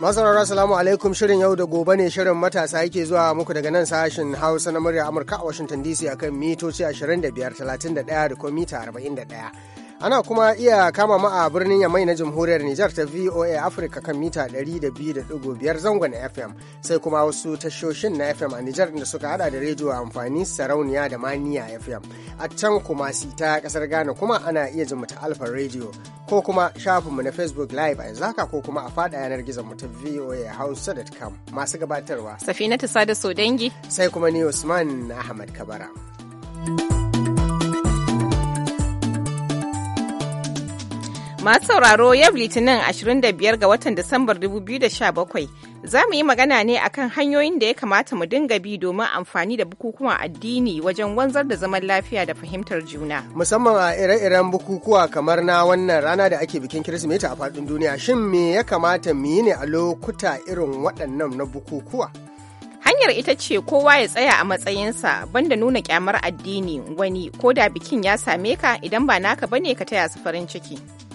Masarara salamu alaikum shirin yau da gobe ne shirin matasa yake zuwa muku daga nan sashen Hausa na murya Amurka a Washington DC akan mitoci 25, 31 da kuma mita 41. ana kuma iya kama ma a birnin yamai na jamhuriyar Nijar ta VOA Africa kan mita 200.5 zangon FM sai kuma wasu tashoshin na FM a Nijar da suka hada da rediyo amfani sarauniya da maniya FM a can kuma si ta kasar Ghana kuma ana iya jin mu ta Alpha Radio ko kuma shafinmu na Facebook Live a zaka ko kuma a fada yanar gizon mu ta VOA Hausa.com masu gabatarwa Safinatu Sada dangi. sai kuma ni Usman Ahmad Kabara. thank you Masu sauraro yau Litinin 25 ga watan Disambar 2017 za mu yi magana ne akan hanyoyin da ya kamata mu dinga bi domin amfani da bukukuwan addini wajen wanzar da zaman lafiya da fahimtar juna. Musamman a ire-iren bukukuwa kamar na wannan rana da ake bikin Kirsimeti a faɗin duniya shin me ya kamata mu yi ne a lokuta irin waɗannan na bukukuwa? Hanyar ita ce kowa ya tsaya a matsayinsa banda nuna kyamar addini wani ko da bikin ya same ka idan ba naka bane ka taya su farin ciki.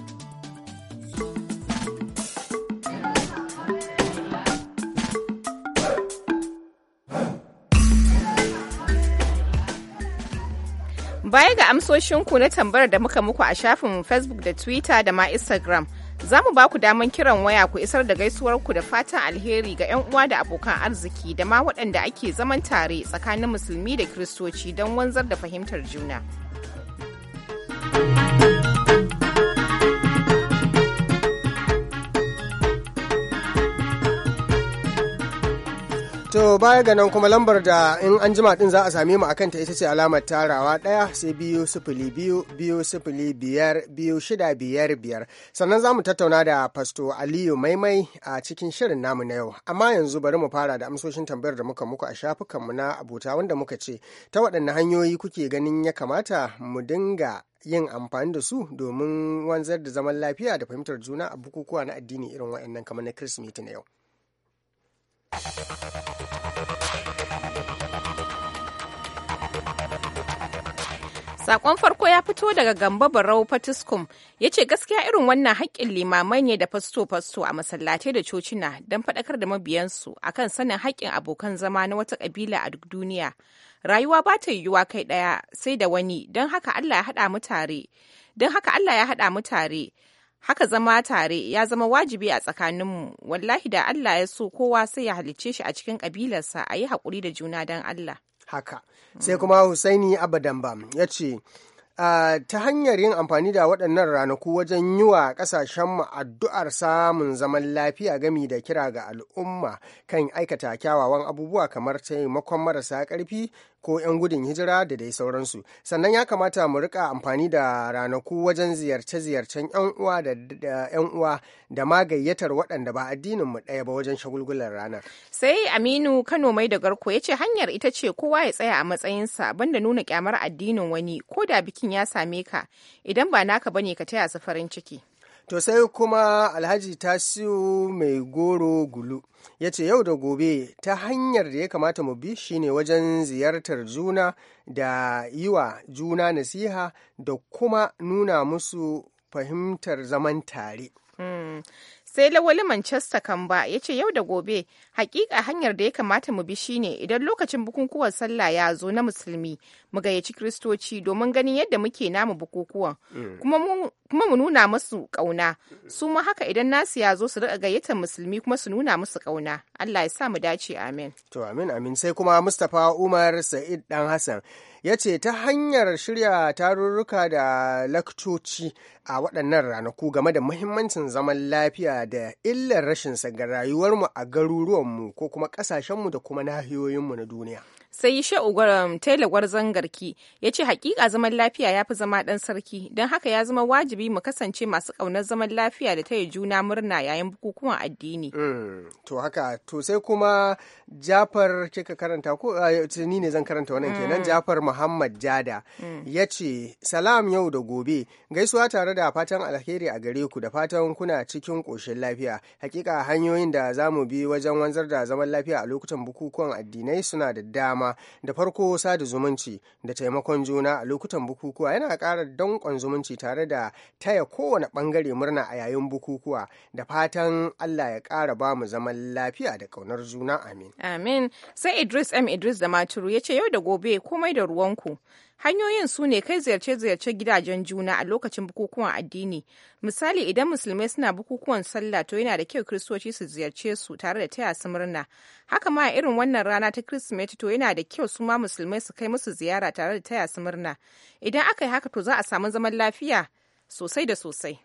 Baya ga amsoshinku na tambayar da muka muku a shafin Facebook da Twitter da ma Instagram, za mu ba ku daman kiran waya ku isar da gaisuwarku da fatan alheri ga 'yan uwa da abokan arziki da ma waɗanda ake zaman tare tsakanin musulmi da kiristoci don wanzar da fahimtar juna. To baya ga nan kuma lambar da in an jima din za a same mu akan ta ita ce alamar tarawa ɗaya sai biyu sifili biyu biyu sifili biyar biyu shida biyar biyar sannan za mu tattauna da fasto Aliyu Maimai a cikin shirin namu na yau amma yanzu bari mu fara da amsoshin tambayar da muka muku a shafukan mu na abuta wanda muka ce ta waɗanne hanyoyi kuke ganin ya kamata mu dinga yin amfani da su domin wanzar da zaman lafiya da fahimtar juna a bukukuwa na addini irin waɗannan kamar na Kirsimeti na yau. Sakon farko ya fito daga Gambo Barau Fatiskum ya ce gaskiya irin wannan haƙƙin limamai ne da fasto-fasto a masallatai da cocina don faɗakar da mabiyansu akan sanin haƙƙin abokan zama na wata ƙabila a duk duniya. Rayuwa ba ta yiwuwa kai ɗaya sai da wani don haka Allah ya haɗa mu Don haka Allah ya haɗa mu tare. haka zama tare ya zama wajibi a tsakaninmu wallahi da Allah ya so kowa sai ya halicce shi a cikin kabilarsa a yi haƙuri da juna dan Allah haka sai kuma Husaini Abadambam ya ce ta hanyar yin amfani da waɗannan ranaku wajen yi wa ƙasashenmu addu'ar samun zaman lafiya gami da kira ga al'umma kan aikata kyawawan abubuwa kamar taimakon marasa ƙarfi ko 'yan gudun hijira da dai sauransu sannan ya kamata mu rika amfani da ranaku wajen ziyarce-ziyarcen 'yan uwa da 'yan uwa da ma gayyatar waɗanda ba addinin mu ɗaya ba wajen shagulgular ranar sai aminu kano mai da garko ya ce hanyar ita ce kowa ya tsaya a matsayinsa banda nuna kyamar addinin wani ko da bikin ya same ka idan ba naka bane ka taya su farin ciki To sai kuma Alhaji ta siyo mai goro gulu ya ce yau da gobe ta hanyar da ya kamata mu bi shine wajen ziyartar juna da yi wa juna nasiha da kuma nuna musu fahimtar zaman tare. Hmm. sai lawali manchester kamba ya ce yau da gobe hakika hanyar da ya kamata mu bi shine idan lokacin bukukuwan sallah ya zo na musulmi mu gayyaci kristoci domin ganin yadda muke namu bukukuwan mm. kuma mu nuna musu kauna su ma haka idan nasu ya zo su rika gayyatar musulmi kuma su nuna musu kauna allah ya sa mu dace amin to amin amin sai kuma mustapha umar sa'id dan hassan ya ce ta hanyar shirya tarurruka da lakcoci a waɗannan ranaku game da muhimmancin zaman lafiya da illar rashinsa ga rayuwarmu a garuruwanmu ko kuma ƙasashenmu da kuma nahiyoyinmu na duniya. sai shehu tailawar zangarki ya ce hakika zaman lafiya ya fi zama ɗan sarki don haka ya zama wajibi mu kasance masu ƙaunar zaman lafiya da ta yi juna murna yayin bukukuwan addini. Mm, to haka to sai kuma jafar kika karanta ko ah, ni ne zan karanta wannan kenan mm. jafar muhammad jada mm. ya ce salam yau da gobe gaisuwa tare tare da fatan alheri a gare ku da fatan kuna cikin ƙoshin lafiya. Hakika hanyoyin da za mu bi wajen wanzar da zaman lafiya a lokutan bukukuwan addinai suna da dama. Da farko sada zumunci da taimakon juna a lokutan bukukuwa yana ƙara danƙon zumunci tare da taya kowane ɓangare murna a yayin bukukuwa da fatan Allah ya ƙara ba mu zaman lafiya da ƙaunar juna amin. Amin. Sai Idris M. Idris da Maturu ya ce yau da gobe komai da ruwanku. Hanyoyin su ne kai ziyarce-ziyarce gidajen juna a lokacin bukukuwan addini. Misali idan musulmai suna bukukuwan sallah to yana da kyau kiristoci su ziyarce su tare da taya su murna. Haka ma irin wannan rana ta Kirsimeti to yana da kyau su ma musulmai su kai musu ziyara tare da taya su murna. Idan aka yi haka to za a samu zaman lafiya sosai da sosai.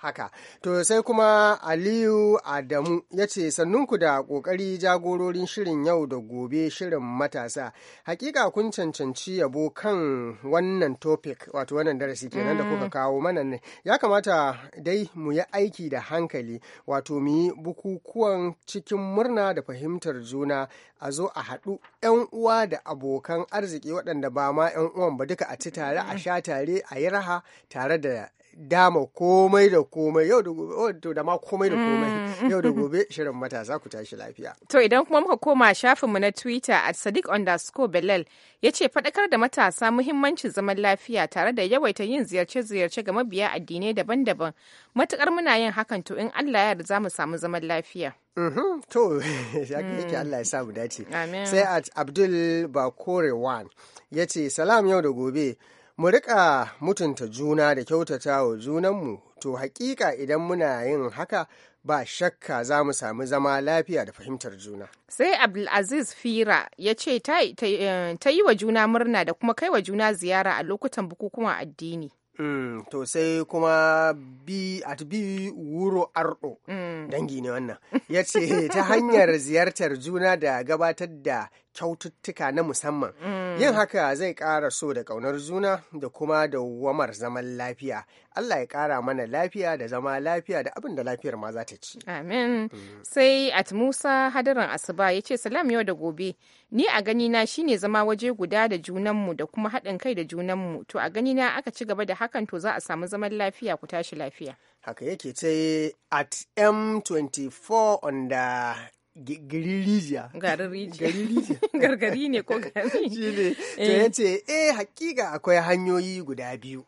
haka to sai kuma aliyu adamu ya ce sannunku da ƙoƙari jagororin shirin yau da gobe shirin matasa hakika kun cancanci yabo kan wannan topic wato wannan darasi kenan da kuka mm. kawo mana ne ya kamata dai mu yi aiki da hankali wato mu yi bukukuwan cikin murna da fahimtar juna a zo a haɗu 'yan uwa da abokan arziki waɗanda ba ma 'yan uwan ba duka a ci tare a sha tare a yi raha tare da dama komai da komai yau da gobe oh, to da ma komai da mm. komai yau da gobe shirin matasa ku tashi lafiya. To idan kuma muka koma shafinmu na Twitter at Sadiq underscore Belal ya ce faɗakar da matasa muhimmancin zaman lafiya tare da yawaita yin ziyarce-ziyarce ga mabiya addinai daban-daban matukar muna yin hakan to in Allah ya da za mu samu zaman lafiya. Mm-hmm. To, yake mm. Allah ya sa mu dace. Sai at Abdul Bakore Wan ya ce salam yau da gobe. mu riƙa mutunta juna da kyautata wa junanmu to hakika idan muna yin haka ba shakka za mu sami zama lafiya da fahimtar juna. Sai Abdulaziz Fira ya ce eh, ta yi wa juna murna da kuma kai wa juna ziyara a lokutan bukukuwan addini. Mm, to sai kuma bi at bi wuro ardo mm. dangi ne wannan ya ce ta hanyar ziyartar juna da gabatar da kyaututtuka na musamman mm. yin haka zai ƙara so da ƙaunar juna da kuma da wamar zaman lafiya Allah ya ƙara mana lafiya da zama lafiya da abin da lafiyar ma za ta ci amin mm. sai at musa hadarin asuba ya ce salam yau da gobe ni a gani na shine zama waje guda da junanmu da kuma haɗin kai da junanmu to a gani na aka ci gaba da hakan to za a samu zaman lafiya ku tashi lafiya haka yake ce at m24 on the garin rijiya gargari ne ko gari shi ne to eh. ya eh hakika akwai hanyoyi guda biyu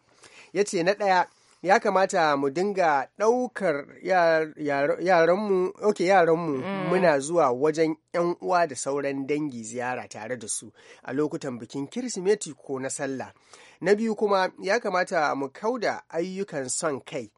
Yace na ɗaya ya kamata mu dinga ɗaukar yaranmu ok yaranmu mm. muna zuwa wajen 'yan uwa da sauran dangi ziyara tare da su a lokutan bikin kirsimeti ko na sallah na biyu kuma ya kamata mu kauda ayyukan son kai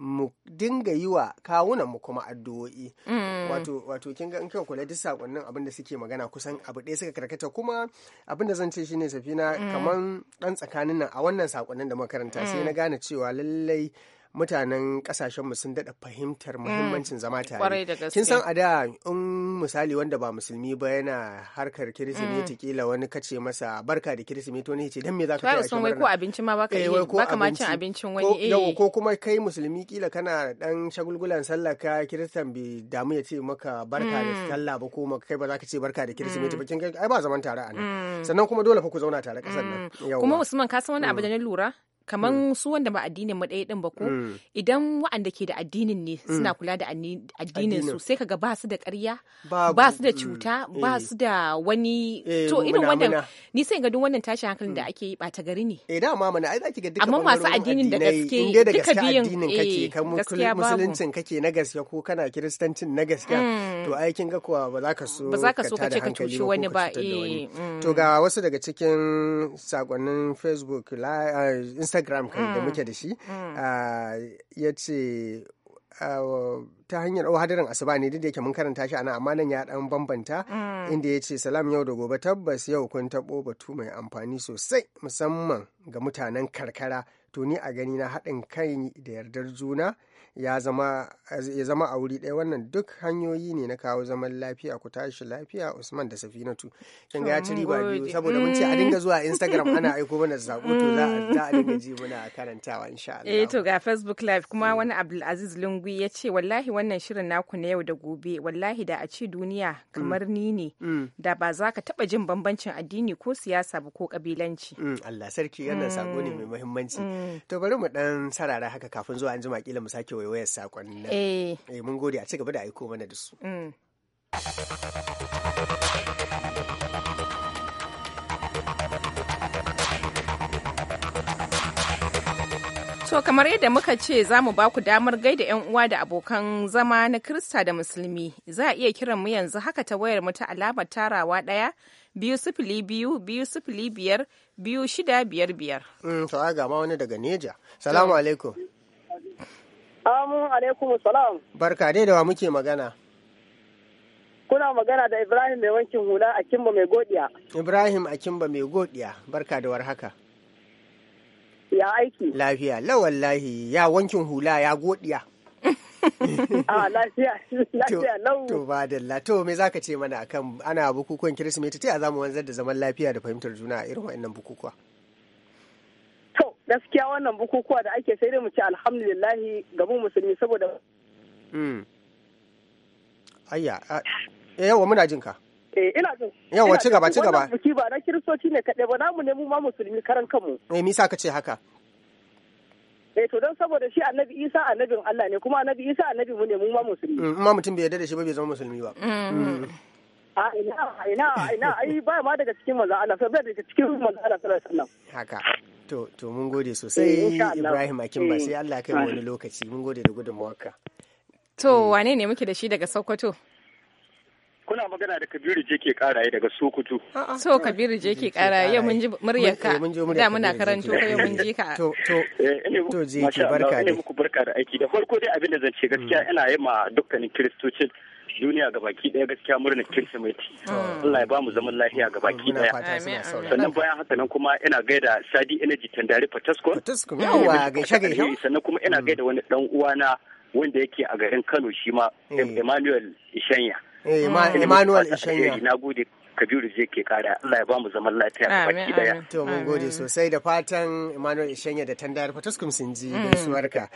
mu dinga yi wa kawunan mu kuma addu'o'i mm. wato wato kin ga in kika kula duk sakonnin abin da suke magana kusan abu ɗaya suka karkata kuma abin da zan ce shine safina mm. kaman ɗan tsakanin nan a wannan sakonnin da makaranta sai mm. na gane cewa lallai mutanen mu sun daɗa fahimtar muhimmancin zama tare kin san a da in misali wanda ba musulmi ba yana harkar mm. kirisimeti kila wani kace masa barka da kirisimeti wani ce dan me zaka kai sun wai ko abinci ma baka eh, yi baka ma cin abincin wani eh ko kuma kai musulmi kila kana dan shagulgulan sallah ka kiristan bi damu ya ce maka barka da mm. sallah ba ko kai ba zaka ce barka da kirisimeti ba mm. kin ga ai ba zaman tare a nan sannan kuma dole fa ku zauna tare kasan nan kuma Usman ka san wani abu da na lura kaman mm. su wanda ba addinin mu ɗaya din ba ko mm. idan waɗanda ke da addinin ne suna mm. kula da addinin su sai kaga ba su da ƙarya ba su da cuta eh. ba su da wani eh, to irin wannan ni sai ga duk wannan tashin hankalin da ake yi ɓata gari ne eh dama mana ai zaki ga duka amma masu addinin da gaske duka biyan kake eh, kan musuluncin kake na gaske ko kana kiristancin na gaske to ai kin ga kuwa ba za ka so ba za ka so ka ce ka cuci wani ba eh to ga wasu daga cikin sakonnin Facebook Instagram instagram kai da muke mm. da shi mm. ah, ya ce ah, ta hanyar o oh, hadarin asuba ne duk da yake mun karanta shi ana amma nan ya dan bambanta mm. inda ya ce salam yau da gobe tabbas yau kun taɓo batu mai amfani sosai musamman ga mutanen karkara to ni a gani na haɗin kai da yardar juna ya zama a wuri ɗaya wannan duk hanyoyi ne na kawo zaman lafiya ku tashi lafiya usman da safinatu kin ga ya ci riba biyu saboda mun ce a dinga zuwa instagram ana mm. aiko mana sako to mm. za a dinga ji muna karantawa insha Allah eh to ga facebook live kuma mm. wani abdulaziz lungui ya ce wallahi wannan shirin naku na yau da gobe wallahi da a ce duniya kamar ni ne da ba za ka taba jin bambancin addini ko siyasa ba ko kabilanci Allah sarki wannan sako ne mai muhimmanci to bari mu dan sarara haka kafin zuwa an jima kila mu sake wayo waiwayar sakonnin eh. eh mun gode a ci gaba da aiko mana da su mm. To kamar yadda muka ce za mu ba ku damar gaida 'yan uwa da abokan zama na Kirista da Musulmi. Za a iya kiran mu yanzu haka ta wayar mu ta alamar tarawa ɗaya biyu sifili biyu biyu sifili biyar biyu shida biyar biyar. Mm, to a gama wani daga Neja. Salamu alaikum. Amin alaikum salam. Barka dai da wa muke magana. Kuna magana da Ibrahim mai wankin hula a Kimba mai godiya. Ibrahim a Kimba mai godiya. Barka da haka. Ya aiki. Lafiya, lawallahi ya wankin hula ya godiya. a ah, lafiya, lafiya lau. To ba dalla, to me ka ce mana akan ana bukukuwan Kirsimeti ta ya zamu wanzar da zaman lafiya da fahimtar juna a irin wa'annan bukukuwa? gaskiya wannan bukukuwa da ake sai dai mu ci alhamdulillahi ga mu musulmi saboda hmm. ayya eh, yawa muna jin ka eh ina jin yawa ci gaba ci gaba buki ba na kiristoci ne kaɗai ba namu ne mu ma musulmi karan kanmu eh misa ka ce haka eh to don saboda shi annabi isa annabin allah ne kuma annabi isa annabi mu ne mu ma musulmi mm, ma mutum bai yarda da shi ba bai zama musulmi ba mm. Mm. a ina ina ina ai ba ma daga cikin manzo allah sai daga cikin manzo allah sallallahu alaihi wasallam haka To, to mun gode sosai eh, Ibrahim Akin ba eh. sai Allah kai wani lokaci mun gode da gudunmawarka. To, hmm. wane ne muke da shi daga Sokoto? kuna magana da Kabiru je ke karaye daga Sokoto. So Kabiru je ke karaye yau eh, mun ji muryarka. Da muna karanto kai mun ji ka. To to to je ki barka da. muku barka da aiki da farko dai abin da zan ce gaskiya hmm. ina yi ma dukkanin kiristocin duniya ga baki daya gaskiya murnar kirsimeti Allah ya ba mu zaman lafiya ga baki daya sannan bayan haka nan kuma ina gaida Sadi Energy Tandare Fataskon yawa gaishe gaishe sannan kuma ina mm. gaida wani dan uwana wanda yake a garin Kano shi ma eh. Emmanuel Ishanya eh, mm. Emmanuel Ishanya na gode Kabiru zai ke kara Allah ya mu zaman lafiya a baki daya. To mun gode sosai da fatan Emmanuel Ishenya da Tandare Fatuskum sun ji mm. gaisuwarka.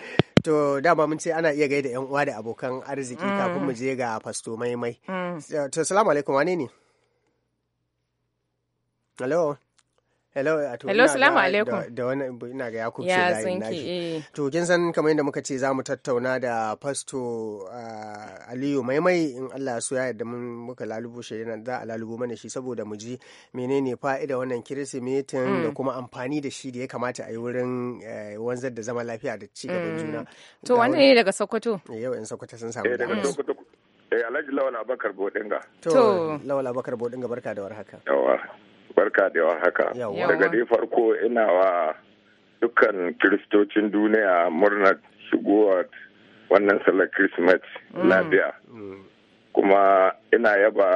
To dama mun ce ana iya gaida yan uwa da abokan arziki mm. kafin mu je ga fasto maimai. Mm. To salamu alaikum wane ne? Hello. hello ato uh, hello salamu alaikum da wani ina ga yakub ya tsinki eh. to kin san kamar yadda muka ce za mu tattauna da pasto uh, aliyu maimai in Allah so ya yarda mun muka lalubo shi yana za a lalubo mana shi saboda mu ji menene fa'ida wannan kirsimetin mm. da kuma amfani da shi da ya kamata a yi wurin eh, wanzar da zama lafiya da ci gaban juna mm. to wannan ne daga sokoto eh, yau in sokoto sun samu daga sokoto eh alhaji lawal abakar bodinga to lawal abakar bodinga barka da warhaka yawa barka da yawan haka daga dai farko ina wa dukkan kiristocin duniya murnar shigowar wannan salar christmas mm. lafiya mm. kuma ina yaba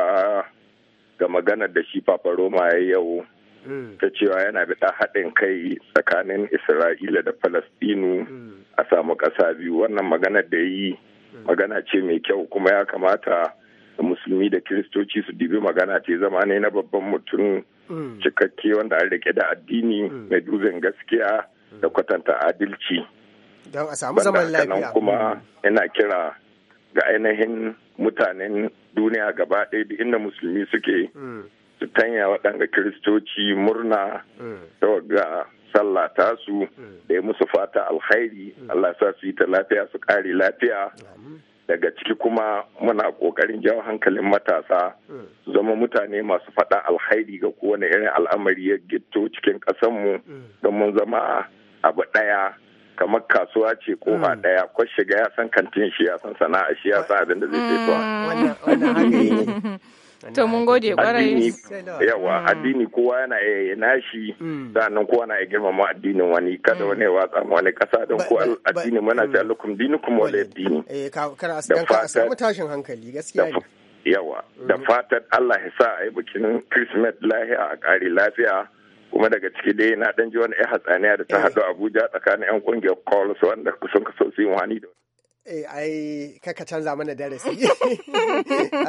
ga maganar da shi papa roma ya yau mm. ta cewa yana bida haɗin kai tsakanin isra'ila da palestinu a samu ƙasa biyu wannan magana da yi magana ce mai kyau kuma ya kamata musulmi da kiristoci su dibi magana ce zama ne na babban mutum Mm. cikakke wanda an rike da addini mm. mai dubin gaskiya mm. da kwatanta adalci. Don a samu zaman lafiya. kuma ina kira ga ainihin mutanen duniya gaba ɗaya da inda musulmi suke su tanya waɗanda kiristoci murna ga sallah tasu da ya musu fata alkhairi Allah sa su yi ta lafiya su ƙare lafiya daga ciki kuma muna kokarin jawo hankalin matasa hmm. zama mutane masu faɗa alhairi ga kowane irin al'amari ya gito cikin ƙasanmu hmm. don mun zama abu ɗaya kamar kasuwa ce ko ba hmm. ɗaya ko shiga ya san kantin shi ya san sana'a shi ya san abin da zai ce to mun gode kwarai yawa addini kowa yana nashi mm. sannan kowa na girmama addinin wani kada mm. wani ya watsa wani kasa don ko addini mana ta mm. lukum dinukum wala addini eh kar a samu tashin hankali gaskiya ne yawa da fatan Allah ya sa a yi bikin Christmas lahiya a ƙari lafiya kuma daga ciki dai na ɗan ji wani 'yan hatsaniya da ta eh. haɗu Abuja tsakanin 'yan kungiyar Calls wanda sun kaso su yi wani da eh ai kaka canza mana darasi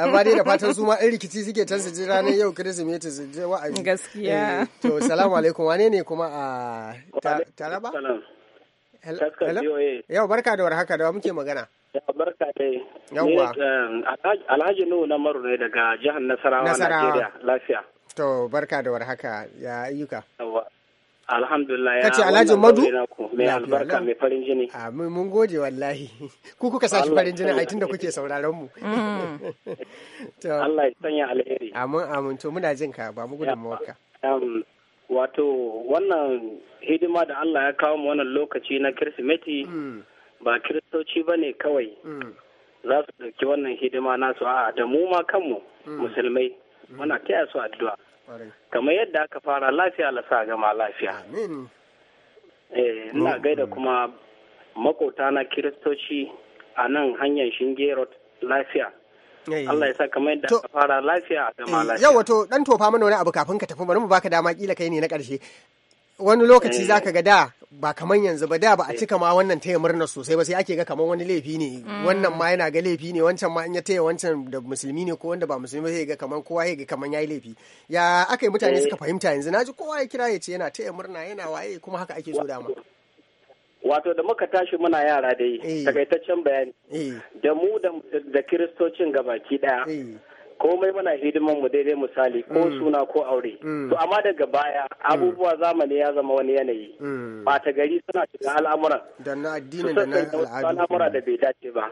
amma dai da fatan su ma in rikici suke can su ji ranar yau kirsimeti su je wa'azi gaskiya eh, to salamu alaikum wane ne kuma a taraba yau barka da warhaka da muke magana barka da yawwa eh, alhaji nuhu na maru ne daga jihar nasarawa Nigeria lafiya to barka da warhaka ya ayyuka yawwa alhamdulillah ya kace alhaji madu mai albarka mai farin jini a mun gode wallahi ku kuka sa shi farin jini a tunda kuke sauraron mu mm. Allah ya sanya alheri amin amin to muna jin ka ba mu gudun mawaka um, wato wannan hidima da Allah ya kawo mu wannan lokaci na kirsimeti mm. ba kiristoci ba ne kawai mm. za su ɗauki wannan hidima nasu a da mu ma kanmu musulmai muna taya su addu'a kamar yadda aka fara lafiya sa gama lafiya eh ina mm. gaida kuma makota na kiristoci a nan hanyar shinge lafiya Allah ya sa kamar yadda aka fara lafiya a gama eh, lafiya yau wato dan tofa mana wani abu kafin ka tafi bari mu baka dama kila kai ne na karshe wani lokaci eh. za ka ga da ba kaman yanzu ba da ba a eh. cika ma wannan taya murna sosai ba sai ake ga kaman wani laifi ne mm. wannan ma yana ga laifi ne wancan ma in ya taya wancan da musulmi ne ko wanda ba musulmi sai ga kaman kowa ya ga kaman yayi laifi ya aka yi mutane eh. suka fahimta yanzu naji kowa ya kira ya ce yana taya murna yana waye kuma haka ake so dama wato da muka tashi muna yara dai takaitaccen bayani da mu da kiristocin gabaki daya komai mana hidiman mu daidai misali ko mm. suna ko aure mm. to amma daga baya mm. abubuwa zamani ya zama wani yanayi bata gari suna shiga al'amuran da na addinin da na al'amura da bai dace ba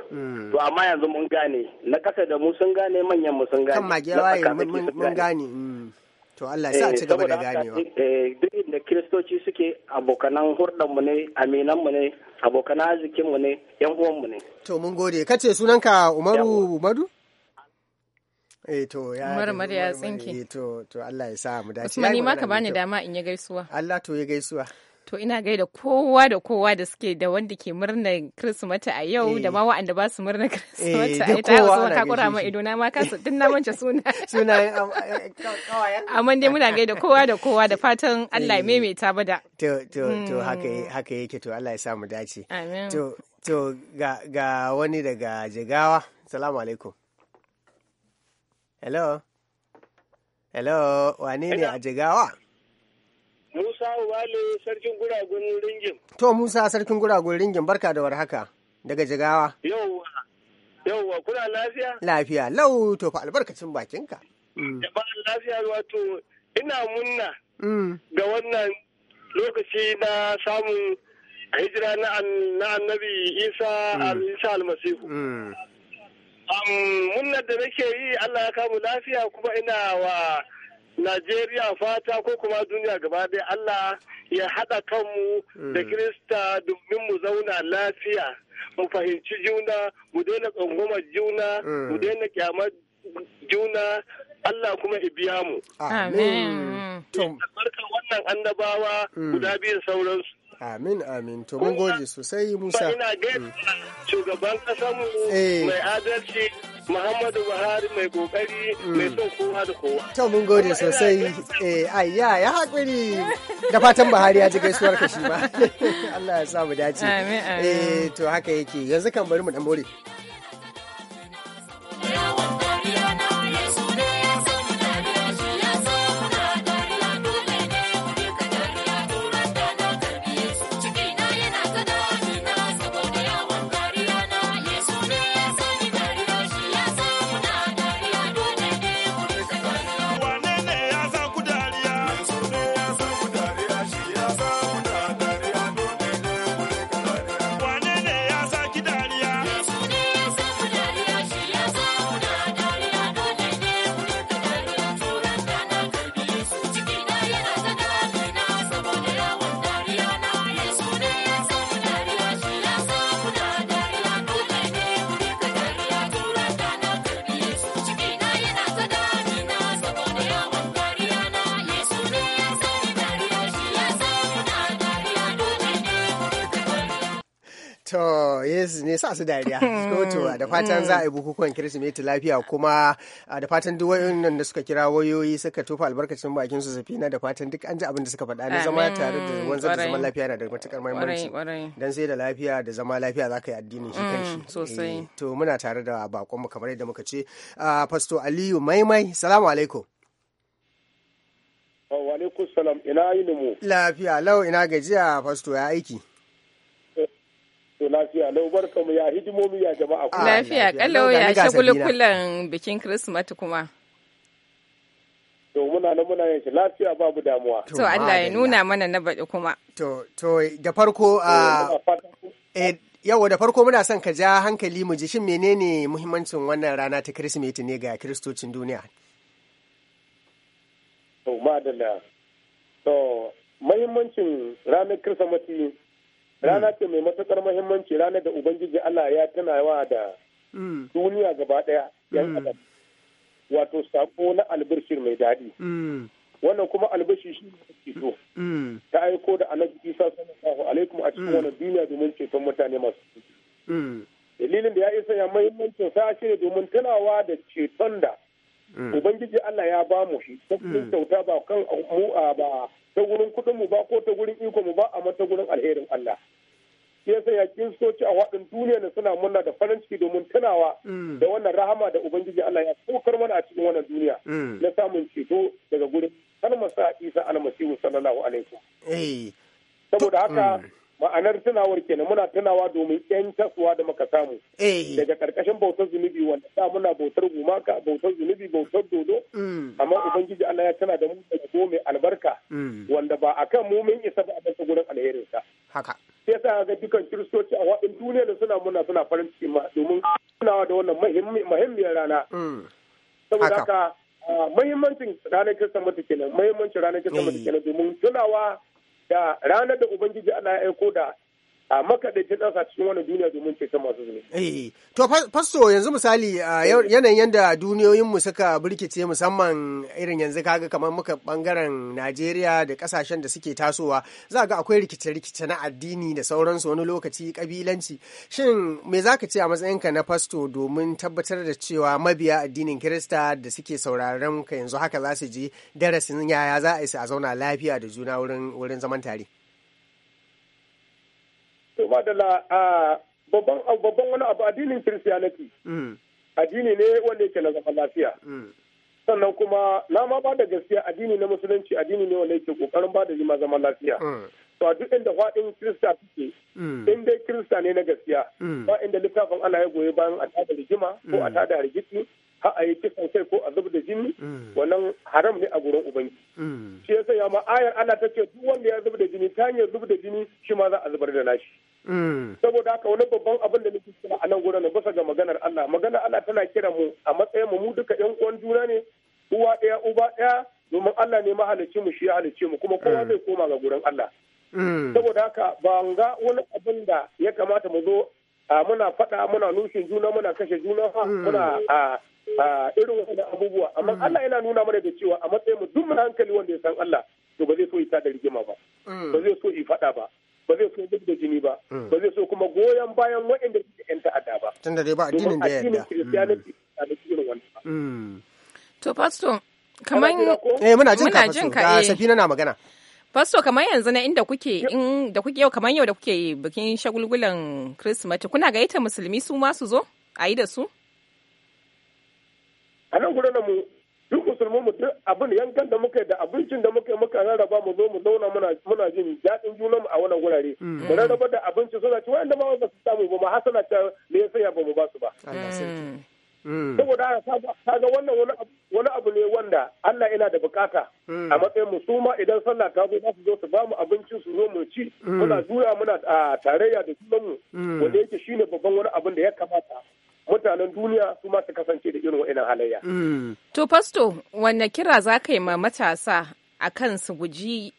to amma yanzu mun gane na kasa da mu sun gane manyan mu sun gane kan waye mun gane To Allah sa eh, ci gaba da ganewa. Eh, duk inda kiristoci suke abokanan mu ne, mu ne, abokanan mu ne, yan mu ne. To mun gode, kace sunanka Umaru Madu? eh to ya marmari ya tsinki eh to to Allah ya sa mu dace Usman ni ma ka bani dama in yi gaisuwa Allah to ya gaisuwa to ina gaida kowa da kowa da suke da wanda ke murnar Kirsimeti a yau da ma eh. wa'anda ba su murnar Kirsimeti a eh, ita wasu ka kura ma ido na ma ka su na mance suna suna eh, um, amma dai muna gaida kowa da kowa da fatan Allah ya maimaita bada to to to hmm. haka haka yake to Allah ya sa mu dace amin to to ga ga wani daga Jigawa salamu alaikum Hello? Hello, wane ne a jigawa? Musa Wale sarkin guragun ringin. To Musa sarkin guragun ringin barka da warhaka daga jigawa. Yauwa, yauwa kuna lafiya? Lafiya, lau to fa albarkacin bakinka. Yaba mm. lafiya wato ina munna mm. ga wannan lokaci na samun hijira na annabi Isa mm. al masihu munnar da nake yi Allah ya kamu lafiya kuma ina wa Najeriya fata ko kuma duniya gaba ɗaya Allah ya haɗa kanmu da mm. Kirista domin mu zauna lafiya, mu fahimci juna, mu daina tsangwamar juna, mu mm. daina kyamar juna, Allah kuma ibiya mu. Amin. Albarkar wannan annabawa mm. guda biyu sauransu. Amin amin to mun goje sosai Musa. Ina gaida shugaban kasanmu eh. mai adalci Muhammadu Buhari mai kokari mai son kowa da kowa. To mun gode sosai eh ayya ya hakuri da fatan Buhari ya ji gaisuwar ka shi ba. Allah ya sa mu dace. Amin amin. Eh to haka yake yanzu kan bari mu dan more. To, yes ne sa su dariya. Koto, da fatan za a yi bukukuwan Kirsimeti lafiya kuma da fatan duk wayoyin da suka kira wayoyi suka tofa albarkacin bakin su safina da fatan duk an ji abin da suka faɗa na zama tare da wanzar da zaman lafiya na da matukar muhimmanci. Dan sai da lafiya da zama lafiya za ka yi addini shi kanshi mm, Sosai. Eh, to, muna tare da bakon mu kamar yadda muka ce. Pasto Aliyu Maimai, salamu alaikum. Wa alaikum salam, ina yi mu. Lafiya, lau ina gajiya, Pasto ya aiki. To lafiya lau barka mu ya hidimomi ya jama'a. Lafiya kallau ya shagulkulan bikin Kirsimeti kuma. to muna nan muna yin shi lafiya babu damuwa to Allah ya nuna mana na baɗi kuma to to da farko eh, ah, a eh, yawa da farko muna son ka ja hankali mu ji shin menene muhimmancin wannan rana ta Kirsimeti ne ga Kiristocin duniya to madalla to muhimmancin ranar Kirsimeti rana ce mai matukar muhimmanci ranar da ubangiji Allah ya tana tunawa da mm. duniya gaba daya yan mm. adam wato sako na albishir mai daɗi mm. wannan kuma albashi shi ne so ta aiko da annabi isa sallallahu alaikum a cikin wannan duniya domin ceton mutane masu dalilin da ya isa ya muhimmanci sa shi ne domin tunawa da ceton da ubangiji Allah ya ba mu shi ta kyauta ba kan mu ba ta gurin kuɗin mu ba ko ta gurin iko mu ba amma ta gurin alherin Allah shi yasa ya kiristoci a waɗin duniya ne suna murna da farin ciki domin tunawa mm. da wannan rahama da ubangiji Allah ya saukar mana a cikin wannan duniya mm. na samun ceto daga gurin har masa Isa almasihu sallallahu alaihi wasallam eh. saboda haka mm. ma'anar tunawar kenan muna tunawa domin yan tasuwa da muka samu eh. daga karkashin bautar zunubi wanda da muna bautar gumaka bautar zunubi bautar dodo mm. amma ubangiji Allah ya tana da mu da go mai albarka mm. wanda ba akan mu mun isa ba a kan gurin alherin sa haka sai yasa ga dukan kristoci a wadin duniya da suna muna suna farin ciki ma domin tunawa da wannan muhimmiyar rana mm. saboda haka mahimmancin ranar kirsimeti kenan mahimmancin ranar kirsimeti eh. kenan domin tunawa da ranar da ubangiji Allah ya aiko da a makaɗaicin ɗansa cikin wani duniya domin ceton masu zunubi. Eh, to fasto yanzu misali eh. yanayin yadda duniyoyinmu suka birkice musamman irin yanzu kaga kamar muka bangaren najeriya da kasashen da suke tasowa za ga akwai rikice-rikice na addini da sauransu wani lokaci kabilanci shin me za ka ce a matsayinka na fasto domin tabbatar da cewa mabiya addinin kirista da suke sauraron ka yanzu haka za su je darasin yaya za a yi su a zauna lafiya da juna wurin zaman tare. to da babban babban wani abu addinin kiristiyaniti mm. addini ne wanda yake na zaman lafiya mm. sannan kuma na ma ba da gaskiya addini na musulunci addini ne wanda yake kokarin ba da zima zaman lafiya mm. to a duk inda faɗin kirista suke in dai kirista ne na gaskiya ba inda littafin Allah ya goyi bayan a tada rigima ko a tada rigiti har a yi kisan kai ko a zuba da jini mm. wannan haram ne a gurin ubangi mm. shi yasa ya ma ayar Allah ta ce duk wanda ya zuba da jini ta hanyar zuba da jini shi ma za a zubar da nashi mm. saboda haka wani babban abin da nake cewa a nan gurin basa ga maganar Allah maganar Allah tana kira mu a matsayin mu mu duka yan uwan juna ne uwa ɗaya uba ɗaya domin Allah ne mahalicci mu shi ya halicce mu kuma kowa zai koma ga gurin Allah saboda haka ba ga wani abin da ya kamata mu zo muna faɗa muna nushin juna muna kashe juna muna irin wannan abubuwa amma mm. Allah yana nuna mana da cewa a matsayin mu duk mun hankali wanda ya san Allah to ba zai so ita da rigima mm. ba ba zai so ya fada ba ba zai so duk da jini ba mm. ba zai so kuma goyon bayan waɗanda suke yan ta'adda ba tunda dai ba addinin da yadda to pastor kaman eh muna jin ka pastor ga eh. safina na magana Fasto kamar yanzu na inda kuke in da kuke yau kamar yau da kuke bikin shagulgulan Christmas kuna gayyata musulmi su ma su zo a yi da su? a nan da mu duk musulmi mu duk abin yankan da muka da abincin da muka muka rarraba mu zo mu zauna muna muna jin daɗin junan mu a wannan gurare mm. mu rarraba da abinci suna ci wanda ma ba su samu ba ma hasana ta ne sai ya ba mu ba su ba mm. Mm. saboda haka kaga wannan wani abu ne wanda Allah yana da bukata a matsayin mu idan sallah ta zo za su zo su ba mu abincin su zo mu ci muna juya muna ah, tarayya da junan mu wanda yake shine babban wani abin da ya kamata mutanen duniya su ma su kasance da irin wa'annan halayya. Mm. To fasto wanne kira za ka yi ma matasa a kan su guji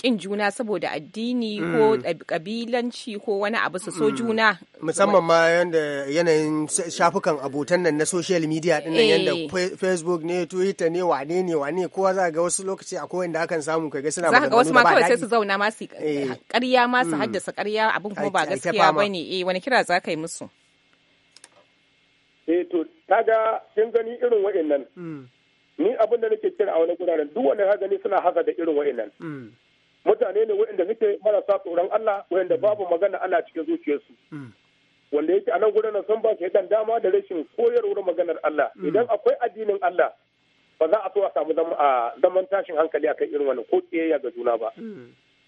kin um, juna saboda addini ko kabilanci mm. ko wani abu su so mm. juna musamman ma yadda yanayin shafukan abotan nan na social media din nan yanda eh. facebook ne twitter ne wane ne wane kowa za ga wasu lokaci a kowai da akan samu kaga suna za ga wasu ma kawai sai su zauna ma su karya eh. ma su haddasa karya abin kuma ba gaskiya bane ne, eh, wani kira za ka yi musu eh to kaga kin gani irin wa'annan mm. ni abin da nake kira a wani guraren duk wani hagani suna haka da irin wa'annan mm. mutane ne wa'anda suke marasa tsoron Allah wa'anda babu magana ana cikin zuciyarsu mm. wanda yake a nan gudanar sun ba su dan dama da rashin koyarwar maganar Allah idan akwai addinin Allah ba za a so a samu zaman tashin hankali akan irin wani ko tsayayya ga juna ba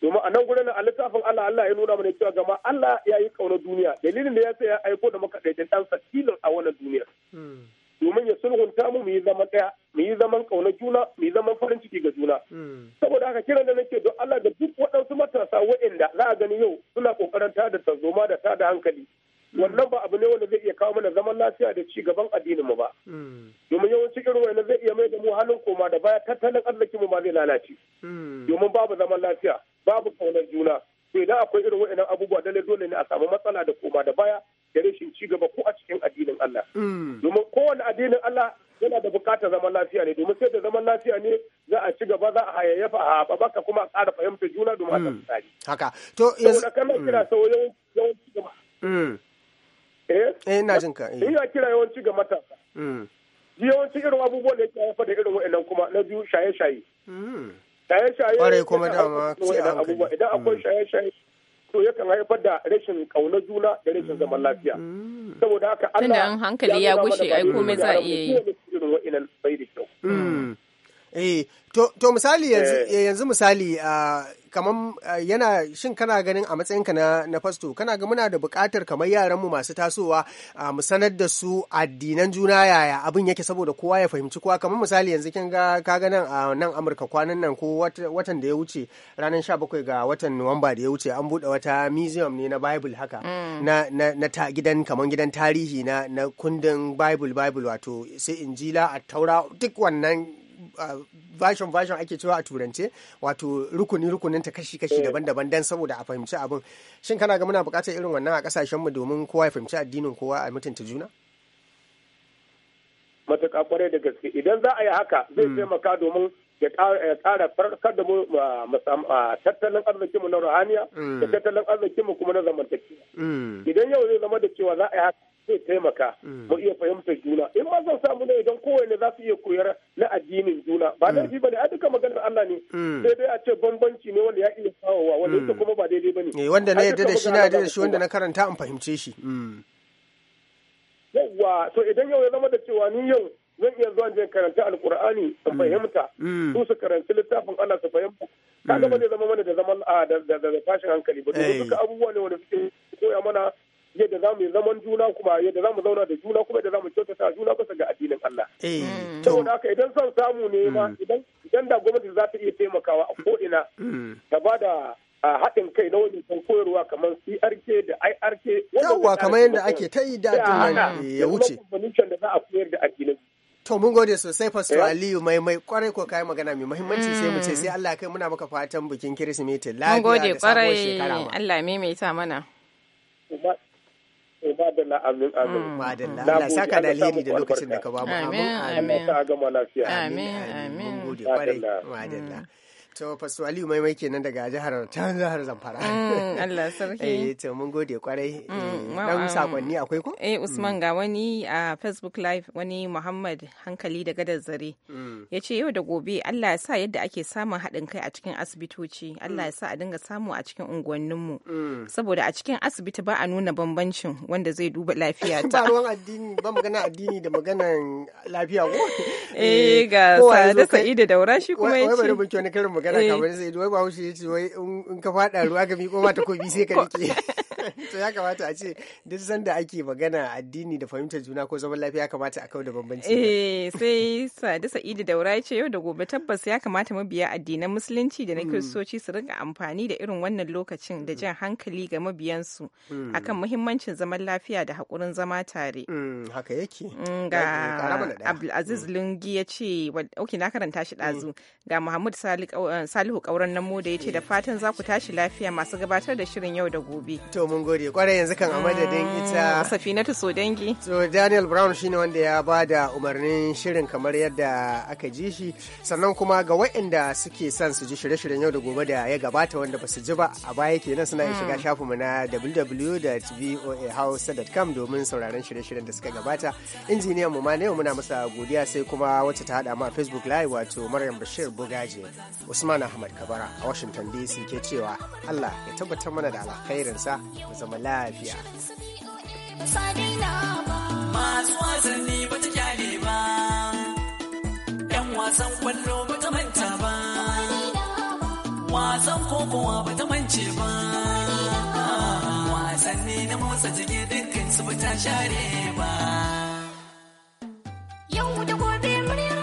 domin a nan gurin a littafin Allah Allah ya nuna mana cewa gama Allah ya yi ƙaunar duniya dalilin da ya sa ya aiko da dan ɗansa tilin a wannan duniya hmm. domin ya sulhunta mu mu yi zaman ɗaya mu yi zaman ƙaunar juna mu yi zaman farin ciki ga juna hmm. saboda haka kiran da nake don Allah da duk waɗansu matasa waɗanda za a gani yau suna ƙoƙarin tada tarzoma da ta-da hankali hmm. wannan ba abu ne wanda zai iya kawo mana zaman lafiya da ci gaban addinin mu ba domin yawanci irin wannan zai iya mai da mu halin koma da baya tattalin arzikin mu ba zai lalace domin babu zaman lafiya babu kaunar juna to idan akwai irin waɗannan abubuwa lalle dole ne a samu matsala da koma da baya da rashin ci gaba ko a cikin addinin Allah mm. domin kowane addinin Allah yana da bukatar zaman lafiya ne domin sai da zaman lafiya ne za a ci gaba za a hayayyafa a babaka kuma a ƙara fahimtar juna domin a samu mm. tsari haka to yanzu da kana kira mm. sau yawan ci gaba eh, eh na jin ka eh ina kira ci gaba matasa yawanci irin abubuwan da ya haifar da irin waɗannan kuma na biyu shaye-shaye shaye-shaye kwarai kuma dama sai idan akwai mm. shaye-shaye to yakan haifar da rashin kauna juna da rashin mm. zaman lafiya mm. saboda haka Allah tunda hankali ya gushe ai komai za a iya yi irin wa'innan bai da kyau eh to, to misali yanzu, eh. Eh, misali ah, kamar ah, yana shin kana ganin a matsayinka na na fasto kana ga muna da buƙatar kamar yaran mu masu tasowa ah, mu sanar da su addinan juna yaya abin yake saboda kowa ya fahimci kowa kamar misali yanzu kin ga ka ga nan a nan Amurka kwanan nan ko watan da ya wuce ranar 17 ga watan Nuwamba da ya wuce an bude wata museum ne na Bible haka mm. na ta, gidan kamar gidan tarihi na na kundin Bible Bible wato sai Injila a Taura duk wannan version version ake cewa a turance wato rukuni rukunin ta kashi kashi eh. daban-daban dan saboda a fahimci abin shin kana ga muna bukatar irin wannan a kasashen mu domin kowa ya fahimci addinin kowa a mutunta juna matuƙa kware da gaske idan za a yi haka zai hmm. taimaka domin ya ƙara farkar da mu tattalin arzikin mu na ruhaniya da hmm. tattalin arzikin mu kuma na zamantakewa hmm. idan yau zai zama da cewa za a yi haka zai taimaka mm. mu iya fahimtar juna in ma zan samu ne idan kowanne za su iya koyar na addinin juna ba mm. ba ne a duka maganar Allah ne mm. sai dai a ce bambanci ne wanda ya iya kawowa wanda ita kuma ba daidai ba ne. Eh, wanda na yadda da shi na yadda da shi wanda na karanta an fahimce shi yawwa to idan yau ya zama da cewa ni yau zan iya zuwa je karanta alkur'ani su fahimta su su karanci littafin Allah su fahimta kaga ba zai zama mana da zaman da fashin hankali ba eh. duka abubuwa ne wanda suke koya mana yadda za mu yi zaman juna kuma yadda za mu zauna da juna kuma yadda za mu kyautata juna bisa ga addinin Allah. Eh, mm. Saboda haka idan son samu ne ma mm. idan da gwamnati za ta iya taimakawa a ko'ina mm. ta ba da haɗin kai na wani son koyarwa kamar CRK da IRK. Yawwa kamar yadda ake ta yi da addinin ya wuce. da za a koyar da addinin To mun gode sosai Pastor eh? Aliyu mai mai kwarai ko kai magana mai muhimmanci sai mu ce sai Allah kai muna maka fatan bikin Kirsimeti lafiya da sabon shekara. Mun gode kwarai Allah maimaita mana. Mm, madalla mm. amin amin madalla Allah saka da da lokacin da ka ba mu amin amin amin amin amin madalla To su Aliyu Maimai kenan daga jihar ta jihar Zamfara. Mm, Allah sarki. Eh to mun gode kwarai. Mm, eh, dan um, sakonni akwai ko? Eh Usman mm. ga wani a Facebook live wani Muhammad hankali daga da zare. Ya ce yau da gobe Allah ya sa yadda ake samun haɗin kai a cikin asibitoci. Allah ya sa a dinga samu a cikin mu Saboda a cikin asibiti ba a nuna bambancin wanda zai duba lafiya ta. Ba ruwan addini ba magana addini da maganan lafiya ko? Eh, eh ga Sa'ida Daura shi kuma ya ce. magana kamar eh. sai ba bahaushe ya ce wai in ka faɗa ruwa ka miƙo mata komi sai ka rike to ya kamata a ce duk sanda ake magana addini da fahimtar juna ko zaman lafiya ya kamata a kau da bambanci eh sai sadi sa'idu daura ya ce yau da gobe tabbas ya kamata mabiya addinan musulunci da na hmm. kiristoci su rinka amfani da irin wannan lokacin da hmm. jan hankali ga mabiyansu hmm. akan muhimmancin zaman lafiya da haƙurin zama tare haka yake ga abdulaziz lungi ya ce ok na karanta shi ɗazu ga muhammad salihu nan namo da ya ce da fatan za ku tashi lafiya masu gabatar da shirin yau da gobe to mun gode kwarai yanzu kan a madadin ita ah, safinatu so dangi so daniel brown shine wanda ya ba da umarnin shirin kamar yadda aka ji shi sannan kuma ga waɗanda suke son su ji shirye-shiryen yau da gobe da ya gabata wanda ba su ji ba a baya kenan suna shiga hmm. shafinmu na www.voahouse.com domin sauraron shirye-shiryen da suka gabata injiniyan mu ma na yau muna masa godiya sai kuma wacce ta hada ma facebook live wato maryam bashir bugaje usman ahmad kabara a washington dc ke cewa allah ya tabbatar mana da alkhairinsa ku zama lafiya. Masu wasanni ba ta kyale ba, ‘yan wasan kwallo ba ta manta ba, wasan kokowa ba ta mance ba, wasanni na motsa jiki dukkan su ba ta share ba. Yau da gobe murya